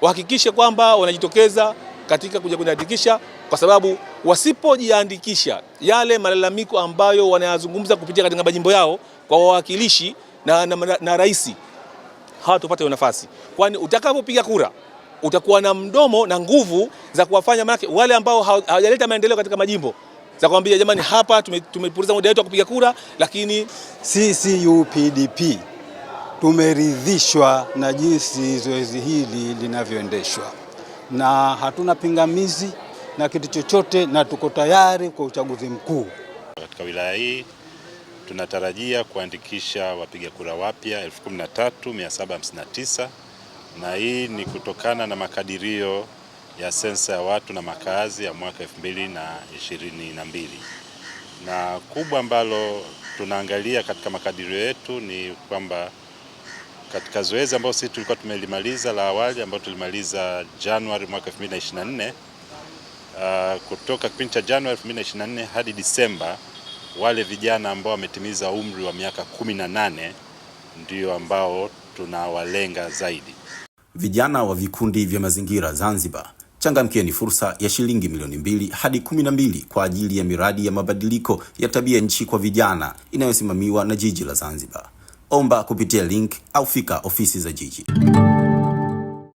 wahakikishe kwamba wanajitokeza katika kuja kujiandikisha, kwa sababu wasipojiandikisha, yale malalamiko ambayo wanayazungumza kupitia katika majimbo yao kwa wawakilishi na, na, na, na rais hawatopata hiyo nafasi, kwani utakapopiga kura utakuwa na mdomo na nguvu za kuwafanya manake wale ambao hawajaleta maendeleo katika majimbo za kuambia jamani, hapa tumepoteza muda wetu wa kupiga kura, lakini sisi UPDP tumeridhishwa na jinsi zoezi hili linavyoendeshwa na hatuna pingamizi na kitu chochote, na tuko tayari kwa uchaguzi mkuu. Katika wilaya hii tunatarajia kuandikisha wapiga kura wapya 13759 na hii ni kutokana na makadirio ya sensa ya watu na makazi ya mwaka 2022 na kubwa ambalo tunaangalia katika makadirio yetu ni kwamba katika zoezi ambayo sisi tulikuwa tumelimaliza la awali ambayo tulimaliza Januari mwaka 2024. Uh, kutoka kipindi cha Januari 2024 hadi Disemba, wale vijana ambao wametimiza umri wa miaka 18 ndio ambao tunawalenga zaidi. Vijana wa vikundi vya mazingira Zanzibar, changamkieni fursa ya shilingi milioni mbili hadi kumi na mbili kwa ajili ya miradi ya mabadiliko ya tabia nchi kwa vijana inayosimamiwa na jiji la Zanzibar omba kupitia link au fika ofisi za jiji.